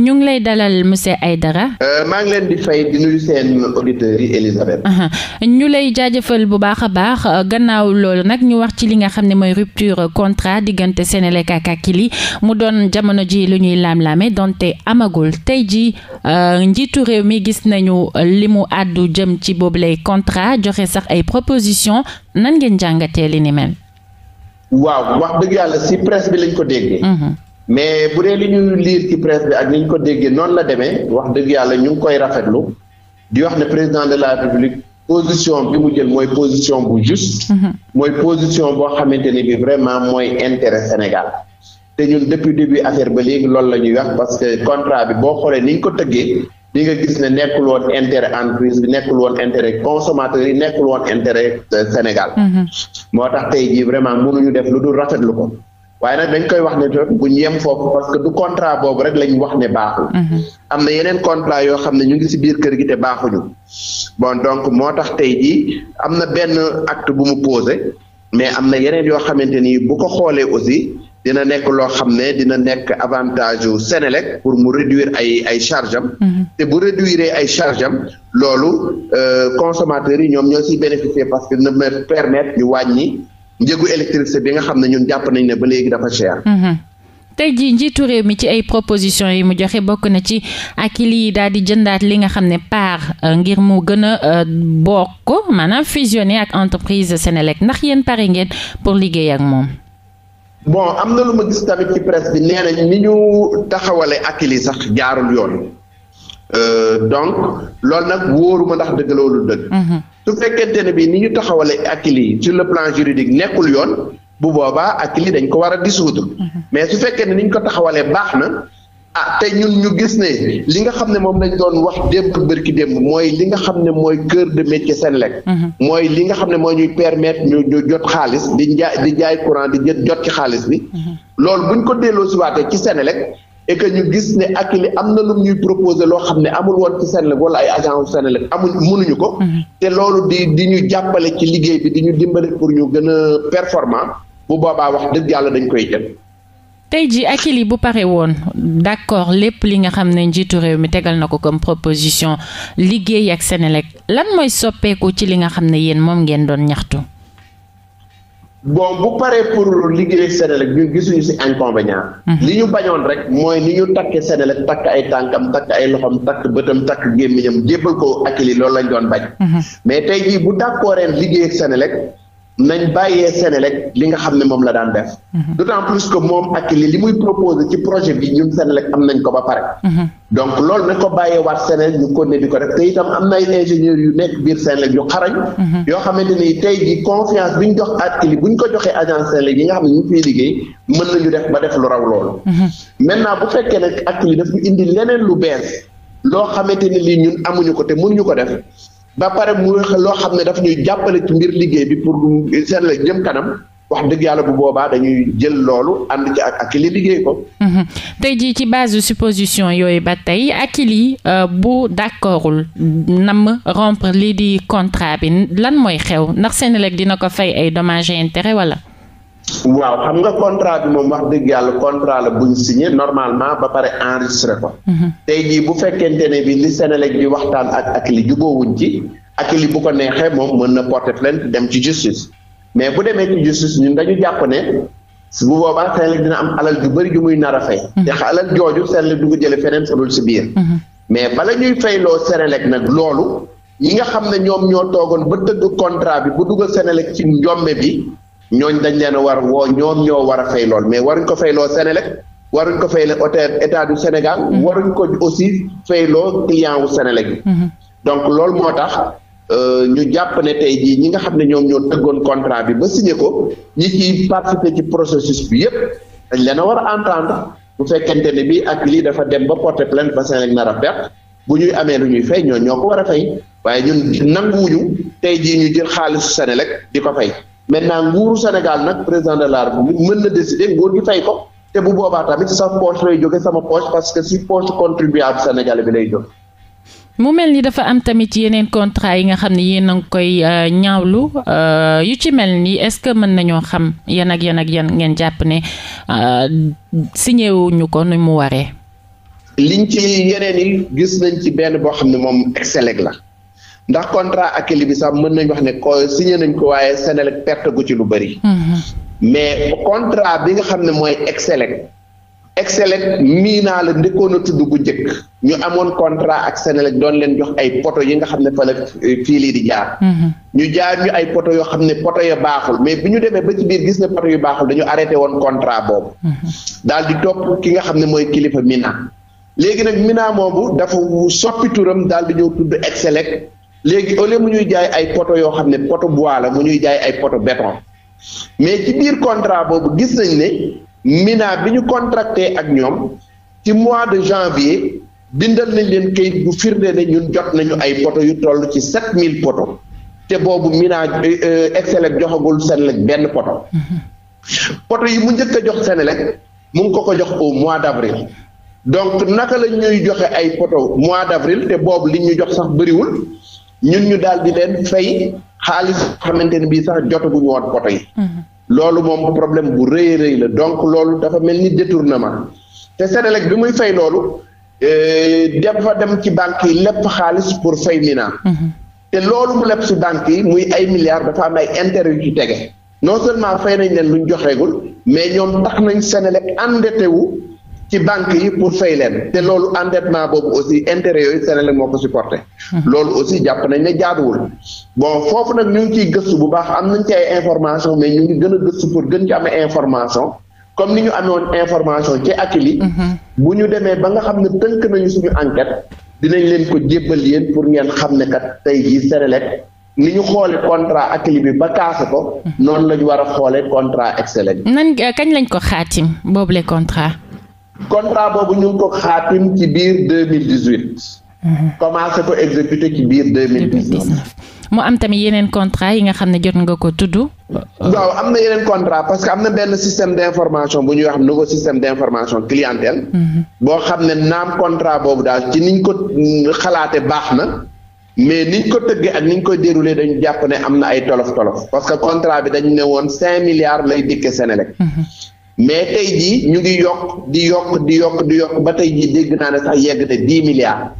ñu ngi lay dalal monsieur Aidara. Euh, maa ngi leen di fay di seen auditeurs yi Elisabeth. ñu lay jaajëfal bu baax a baax gannaaw loolu nag ñu wax ci li nga xam ne mooy rupture contrat diggante Senelec ak li mu doon jamono ji lu ñuy laam-laame donte amagul tey ji euh, njiitu réew mi gis nañu li mu àddu jëm ci boobu lay contrat joxe sax ay proposition nan ngeen jàngatee li ni mel. waaw wax dëgg yàlla si presse bi lañ ko déggee. Mhm. mais bu dee li ñu liir ci presse bi ak ni ñu ko déggee noonu la demee wax dëgg yàlla ñu ngi koy rafetlu di wax ne président de la république position bi mu jël mooy position bu juste. Mhm. mooy position boo xamante ne bi vraiment mooy intéret Sénégal. te ñun depuis début affaire ba léegi loolu la ñuy wax parce que contrat bi boo xoolee ni ñu ko tëggee di nga gis ne nekkul woon intérêt entreprise bi nekkul woon intérêt consommateur yi nekkul woon intéret euh, Sénégal. Mhm. moo tax tey jii vraiment mënuñu def lu dul rafetlu ko. waaye nag dañ koy wax ne bu ñu foofu parce que du contrat boobu rek lañ wax ne baaxul. Mhm. am na yeneen contrat yoo xam ne ñu ngi ci biir kër gi te baaxuñu. bon donc moo tax tey jii am na benn acte bu mu posé mais am na yeneen yoo xamante ni bu ko xoolee aussi dina nekk loo xam ne dina nekk avantage yu Sénélec pour mu réduire ay ay charge am. Mhm. te bu réduire ay charge am loolu euh, consommateurs yi ñoom ñoo ciy bénéficier parce que dina permettre ñu wàññi. njëgu électricité bi nga xam ne ñun jàpp nañ ne ba léegi dafa cher. Mhm. tey jii njiitu réew mi ci ay proposition yi mu joxe bokk na ci ak lii daal di jëndaat li nga xam ne par euh, ngir mu gën a euh, bokk maanaam fusionner ak entreprise Senelec ndax yéen pare ngeen pour liggéey ak moom. bon am na lu ma gis tamit ci presse bi nee ni ñu taxawale ak lii sax jaarul yoon euh, donc loolu nag wóoruma ndax dëgg la dëgg. Mhm. su fekkente ne bi ni ñu taxawale ACILI sur le plan juridique nekkul yoon bu boobaa ACILI dañ ko war a dissoudre mhm. mais su fekkee ne ni ñu ko taxawalee baax na ah te ñun ñu gis ne li nga xam ne moom lañ doon wax démb bërki démb mooy li nga xam ne mooy cœur de métier Senelec mhm. mooy li nga xam ne mooy ñuy permettre ñu ñu jot xaalis di jaay di jaay courant di jot ci xaalis bi mhm. loolu buñ ko delloo si waatee ci Senelec et que ñu gis ne Akilee am na lu ñuy proposé loo xam ne amul woon ci Senelec wala ay agent u Senelec amuñ mënuñu ko mm-hmm. te loolu di di ñu jàppale ci liggéey bi di ñu dimbale pour ñu gën a performant bu boobaa wax dëgg yàlla dañ koy jël tey jii Akilee bu pare woon d'accord lépp li nga xam ne njiitu réew mi tegal na ko comme proposition liggéey ak Senelec lan mooy soppeeku ci li nga xam ne yéen moom ngeen doon ñaxtu bon bu paree pour liggéey Sénélec ñu gisuñu ci inconvénient mhm. li ñu bañoon rek mooy ni ñu takkee Sénélec takk ay tànkam takk ay loxom takk bëtam takk gémmiñam jébbal ko akili loolu lañ doon bañ mhm. mais tey jii bu d'accordeen liggéey Sénélec nañ bàyyee Sénélec li nga xam ne moom la daan def. Mhm. d'autant plus que moom ak li li muy proposé ci projet bi ñun Sénélec am nañ ko ba pare. Mhm. donc loolu nañ ko bàyyee waat Sénélec ñu continuer di ko def te itam am na ay yu nekk biir Sénélec yu xarañ. Mhm. yoo xamante ni tey jii confiance bi ñu jox ak bu ñu ko joxee agence Sénélec yi nga xam ne ñu fiy liggéey mën nañu def ba def lu raw loolu. maintenant bu fekkee nag ak daf ñu indi leneen lu bees loo xamante ba pare mu loo xam ne daf ñuy jàppale ci mbir liggéey bi pour Senelec jëm kanam wax dëgg yàlla bu boobaa dañuy jël loolu ànd ci ak Akilee liggéey ko. Mhm. tey jii ci base de supposition yooyu ba tey Akilee euh, bu d'accordul nam rompre lii di contrat bi lan mooy xew ndax seen Senelec dina ko fay ay dommages et intérêts wala. waaw xam nga contrat bi moom wax dëgg yàlla contrat la buñ signé normalement ba pare enregistré ko. Mhm. tey jii bu fekkente ne bi li Sénélec bi waxtaan ak ak li jubóowuñ ci ak li bu ko neexee moom mën na porter plainte dem ci justice mais bu demee ci justice ñun dañu jàpp ne bu boobaa Sénélec dina am alal ju bëri ju muy nar a fay. te mhm. alal jooju Sénélec du ko jëlee feneen fudul si biir. Mhm. mais bala ñuy fayloo Sénélec nag loolu. ñi nga xam ne ñoom ñoo toogoon bi bu dugal Sénélec ci njombe ñooñ dañ leen a war woo ñoom ñoo war a fay lool mais waruñ ko fayloo Sénélec waruñ ko fayle hôtel état du Sénégal mhm. waruñ ko aussi fayloo client wu Sénélec bi mhm. donc loolu moo tax euh, ñu jàpp ne tey jii ñi nga xam ne ñoom ñoo tëggoon contrat bi ba signé ko ñi ciy participer ci processus bi yépp dañ leen a war entendre bu fekkente ne bii ak lii dafa dem ba porter plainte ba Sénélec nar a perte bu ñuy amee lu ñuy fay ñoo ñoo ko war a fay waaye ñun nanguwuñu tey jii ñu jël xaalis Sénélec di ko fay maintenant nguuru Sénégal nag président de la na décider nguur gi fay ko te bu boobaa tamit sa sama poche parce que si poche contribuable sénégalais bi lay jóge. mu mel ni dafa am tamit yeneen contrat yi nga xam ne yéen a ngi koy euh, ñaawlu euh, yu ci mel nii est-ce que mën nañoo xam yan ak yan ak yan ngeen jàpp ne euh, signé wuñu ko nu mu waree. liñ ci yeneen yi gis nañ ci benn boo xam ne moom Excelec la. ndax contrat Akilee bi sax mën nañ wax ne ko signé nañ ko waaye Senelec perte gu ci lu bëri. Mhm. mais contrat bi nga xam ne mooy Excelec. Excelec mii naa la ndëkkoon a tudd bu njëkk ñu amoon contrat ak Senelec doon leen jox ay poto yi nga xam ne fa la fii lii di jaar. Mhm. ñu jaar ñu ay poto yoo xam ne poto ya baaxul mais bi ñu demee ba ci biir gis ne poto yu baaxul dañu arrêté woon contrat boobu. Mhm. daal di topp ki nga xam ne mooy kilifa Mina. léegi nag Mina moomu dafa soppi turam daal di ñëw tudd léegi au lieu mu ñuy jaay ay poto yoo xam ne poto bois la mu ñuy jaay ay poto béton mais ci biir contrat boobu gis nañ ne mina bi ñu contracté ak ñoom ci mois de janvier bindal nañ leen kayit bu firnde ne ñun jot nañu ay poto yu toll ci sept mille poto te boobu mina euh, Excelec joxagul Senelec benn poto mm-hmm. poto yi mu njëkk a jox Senelec mu ngi ko ko jox au mois d' avril donc naka lañ ñuy joxe ay poto mois d' avril te boobu li ñu jox sax bëriwul ñun ñu daal di leen fay xaalis xamante ne bii sax jotaguñu woon poto yi. Mhm. loolu moom problème bu rëy rëy la donc loolu dafa mel ni détournement te Sénélec bi muy fay loolu eh, dafa dem ci banque yi lépp xaalis pour fay Mina. Mhm. te loolu mu lépp si banques yi muy ay milliards dafa am ay intérêt yu ci tege non seulement fay nañ leen luñ joxeegul mais ñoom tax nañ Sénélec endetté wu. ci banque yi pour fay leen te loolu endettement boobu aussi intérêt yooyu Senelec moo ko supporté mhm. loolu aussi jàpp nañ ne jaaduwul bon foofu nag ñu ngi ciy gëstu bu baax am nañ ci ay information mais ñu gën a gëstu pour gën ci amee information comme ni ñu amoon information ci Akilee mhm. bu ñu demee ba nga xam ne tënk nañu suñu enquête dinañ leen ko jébbal yéen pour ngeen xam ne kat tey jii Senelec ni ñu xoole contrat Akilee bi ba kaase ko mhm. noonu la ñu war a xoole contrat Excelec nan kañ lañ ko xaatim le contrat contrat boobu ñu ngi ko xaatim ci biir deux mille dix huit. Mhm. commencé ko exécuter ci biir deux mille dix neuf. mu am tamit yeneen contrat yi nga xam ne jot nga ko tudd. waaw am na yeneen contrat parce que am na benn système d'information bu ñuy wax nouveau système d'information clientèle. Mhm. boo xam ne naam contrat boobu daal ci niñ ko xalaate baax na. mais niñ ko tëggee ak ni ñu koy déroulé dañu jàpp ne am na ay tolof tolof parce que contrat bi dañu ne woon cinq milliards lay dikke Senelec. Mhm. mais tey ji ñu ngi yokk di yokk di yokk di yokk ba tey jii dégg naa ne sax yegg na dix milliards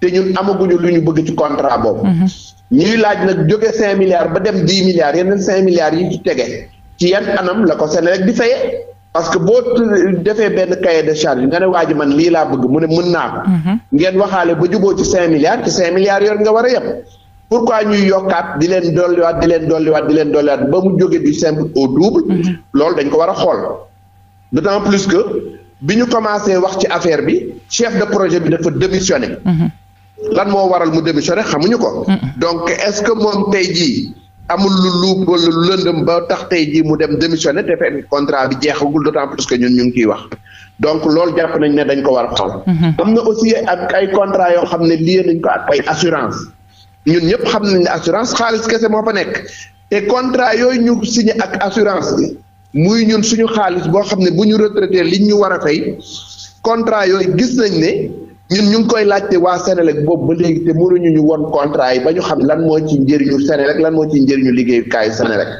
te ñun amaguñu lu ñu bëgg ci contrat boobu. Mhm. ñuy laaj nag jóge cinq milliards ba dem dix milliards yeneen cinq milliards yi ci tege ci anam la ko Senelec di fayee parce que boo defee benn cahier de charge nga ne waa ji man lii laa bëgg mu ne mën naa ko. Mhm. ngeen waxaale ba juboo ci cinq milliards ci cinq milliards yor nga war a yem. pourquoi ñuy yokkaat di leen dolliwaat di leen dolliwaat di leen dolliwaat ba mu jógee du simple au double. Mhm. loolu dañ ko war a xool. d'autant plus que bi ñu commencé wax ci affaire bi chef de projet bi dafa démissionné. Mhm. lan moo waral mu démissionné xamuñu ko. Mhm. donc est-ce que moom tey ji amul lu luub wala lu lëndëm ba tax tey ji mu dem démissionné te fekk contrat bi jeexagul d'autant plus que ñun ñu ngi ciy wax donc loolu jàpp nañ ne dañ ko war a xool. Mhm. am na aussi ak ay contrat yoo xam ne lié nañ ko ak ay assurance ñun ñëpp xam nañ ne assurance xaalis kese moo fa nekk te contrat yooyu ñu signé ak assurance bi. muy ñun suñu xaalis boo xam ne bu ñu retraité liñ ñu war a tey contrat yooyu gis nañ ne. ñun ñu ngi koy laajte waa Sénélec boobu ba léegi te mënuñu ñu won contrat yi ba ñu xam lan moo ci njëriñu Sénélec lan moo ci njëriñu liggéeyukaayu Sénélec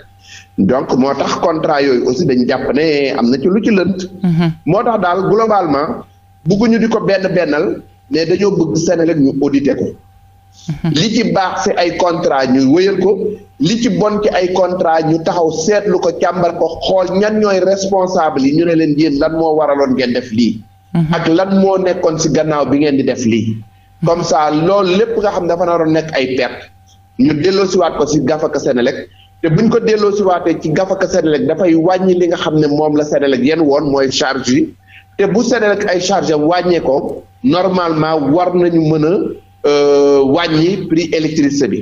donc moo tax contrat yooyu aussi dañ jàpp ne am na ci lu ci lënt. Mhm. moo tax daal globalement bëgguñu di ko benn bennal mais dañoo bëgg Sénélec ñu audité ko. li ci baax si ay contrat ñu wéyal ko li ci bon ci ay contrat ñu taxaw seetlu ko càmbar ko xool ñan ñooy responsable yi ñu ne leen yéen lan moo waraloon ngeen def lii mhm. ak lan moo nekkoon si gannaaw bi ngeen di def lii mhm. comme saa loolu lépp nga xam dafa naroon nekk ay perte ñu delloosiwaat ko si gafaka Senelec te buñ ko delloosiwaatee ci gafaka Senelec dafay wàññi li nga xam ne moom la Senelec yenn woon mooy charge yi te bu Senelec ay charge am wàññee normalement war nañu mën a Euh, wàññi prix électricité bi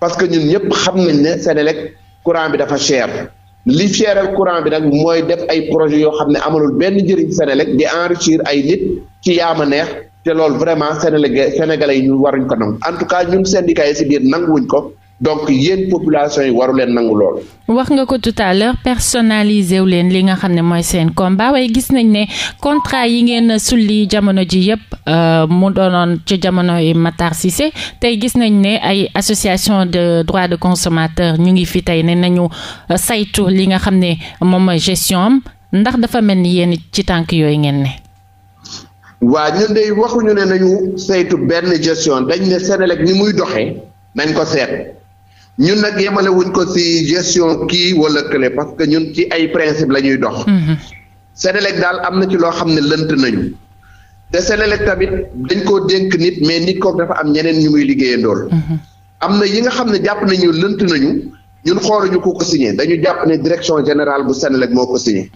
parce que ñun ñëpp xam nañ ne Senelec courant bi dafa cher li cheral courant bi nag mooy def ay projet yoo xam ne amalul benn njëriñ Senelec di enrichir ay nit ci yaama neex te loolu vraiment Senelec sénégalais yi ñu waruñ ko noon en tout cas ñun syndicats yi si biir nanguwuñ ko donc yéen population yi waru leen nangu lool. wax nga ko tout à wu leen li nga xam ne mooy seen combat waaye gis nañ ne contrat yi ngeen sulli jamono ji yëpp euh, mu doonoon ci jamono yi Matar tey gis nañ ne ay association de droit de consommateur ñu ngi fi tey ne nañu euh, saytu li nga xam ne moom mooy gestion am ndax dafa mel ni yéen ci tànk yooyu ngeen ne. waa ñun de waxuñu ne nañu saytu benn gestion dañ ne Senelec ni muy doxee nañ ko seet. ñun nag yemale wuñ ko ci gestion kii wala kële parce que ñun ci ay principe la ñuy dox. Mm-hmm. Sénélec daal am na ci loo xam ne lënt nañu. te Sénélec tamit dañ koo dénk nit mais nit kooku dafa am ñeneen ñu muy liggéeyandool. Mm-hmm. am na yi nga xam ne jàpp ñu lënt nañu ñun xooluñu ku ko signé dañu jàpp ne direction générale bu Sénélec moo ko signé.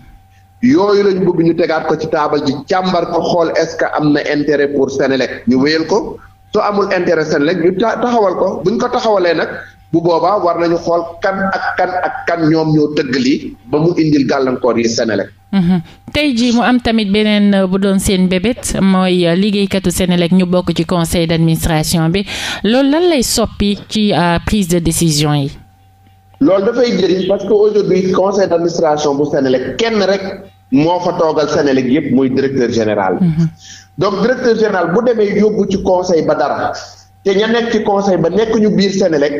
yooyu lañu bëgg ñu tegaat ko ci taabal ji càmbar ko xool est-ce que am na intérêt pour Sénélec ñu wéyal ko soo amul intérêt Sénélec ñu taxawal ko buñ ko taxawalee nag. bu boobaa war nañu xool kan ak kan ak kan ñoom ñoo tëgg lii ba mu indil gàllankoor yi Senelec mhm. tey jii mu am tamit beneen euh, bu doon seen bébét mooy euh, liggéeykatu Senelec ñu bokk ci conseil d'administration bi loolu lan lay soppi ci euh, prise de décision yi loolu dafay jëriñ parce que aujourd'hui conseil d'administration bu Senelec kenn rek moo fa toogal Senelec yépp muy directeur général mhm. donc directeur général bu demee yóbbu ci conseil ba dara te ña nekk ci conseil ba nekk ñu biir Senelec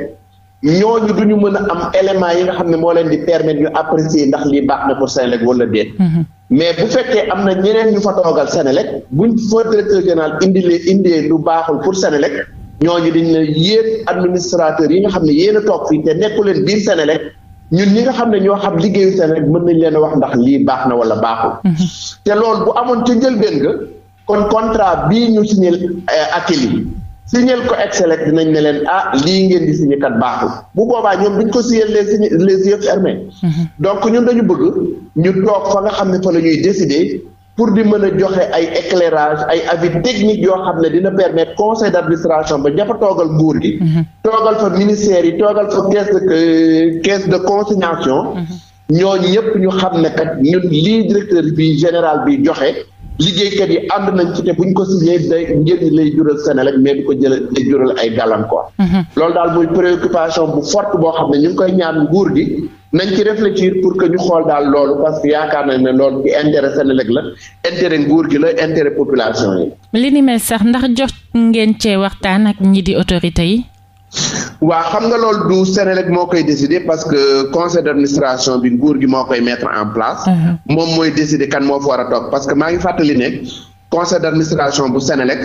ñooñu du ñu mën a am élément yi nga xam ne moo leen di permettre ñu apprécier ndax lii baax na pour Sénélec wala déet. Mhm. mais bu fekkee am na ñeneen ñu fa toogal Sénélec buñ fa directeur général indilee indee lu baaxul pour Sénélec ñooñu dañ la yéen administrateur yi nga xam ne yéen a toog fii te nekku leen biir Sénélec ñun ñi nga xam ne ñoo xam liggéeyu Sénélec mën nañ leen a wax ndax lii baax na wala baaxul. Mhm. te loolu bu amoon ca njëlbeen nga kon contrat bii ñu signé euh, Akilee. signal ko Excelec dinañ ne leen ah lii ngeen di signé kat baaxul bu boobaa ñoom duñ ko signé les signé les yeux fermés. Mm-hmm. donc ñun dañu bëgg ñu toog fa nga xam ne fa la ñuy décider pour di mën a joxe ay éclairage ay avis technique yoo xam ne dina permettre conseil d' administration ba ña fa toogal nguur gi. Mm-hmm. toogal fa ministère yi toogal fa caisse de euh, de consignation. Mm-hmm. ñooñu ñëpp ñu xam ne kat ñun lii directeur bi général bi joxe. liggéeykat yi ànd nañ ci te buñ ko signé day njëriñ lay jural Senelec mais du ko jël lay jural ay gàllankoor. Mhm. loolu daal muy préoccupation bu forte boo xam ne ñu ngi koy ñaan nguur gi. nañ ci réfléchir pour que ñu xool daal loolu parce que yaakaar nañ ne loolu ci intérêt Senelec la intérêt nguur gi la intérêt population yi. li ni mel sax ndax jox ngeen cee waxtaan ak ñi di autorité yi. waa xam nga loolu du Senelec moo koy décider parce que conseil d' administration bi nguur gi moo koy mettre en place. Uh-huh. moom mooy décider kan moo fa war a que maa ngi fàttali ne conseil d' bu Senelec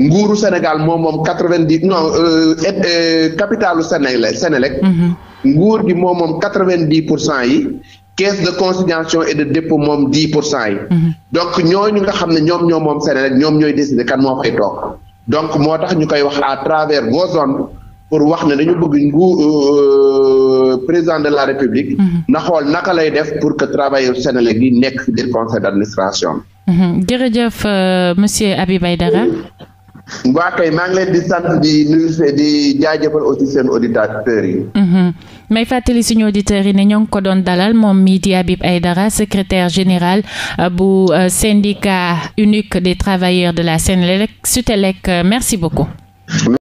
nguuru Sénégal moom moom quatre vingt dix non euh, euh, capitalu Senelec Senelec. Uh-huh. nguur gi moom moom quatre vingt pour cent yi. caisse de consignation et de dépôt moom dix pour cent yi. Uh-huh. donc ñooñu nga xam ne ñoom ñoo moom Senelec ñoom ñooy décider kan moo fay toog donc moo tax ñu koy wax à travers vos zones. pour wax na dañu bëgg ngu euh, président de la république. Mm-hmm. na xool naka lay def pour que travailleur Senelec gi nekk ci biir conseil d'administration. Mm-hmm. jërëjëf euh, monsieur Habib Aidara. waa kay maa ngi leen di sant di nuyu di jaajëfal aussi seen auditeurs yi. Mm-hmm. may fàttali suñu auditeurs yi ne ñoo ngi ko doon dalal moom mii di Habib Aidara secrétaire général euh, bu syndicat unique des travailleurs de la Senelec Sutelec merci beaucoup.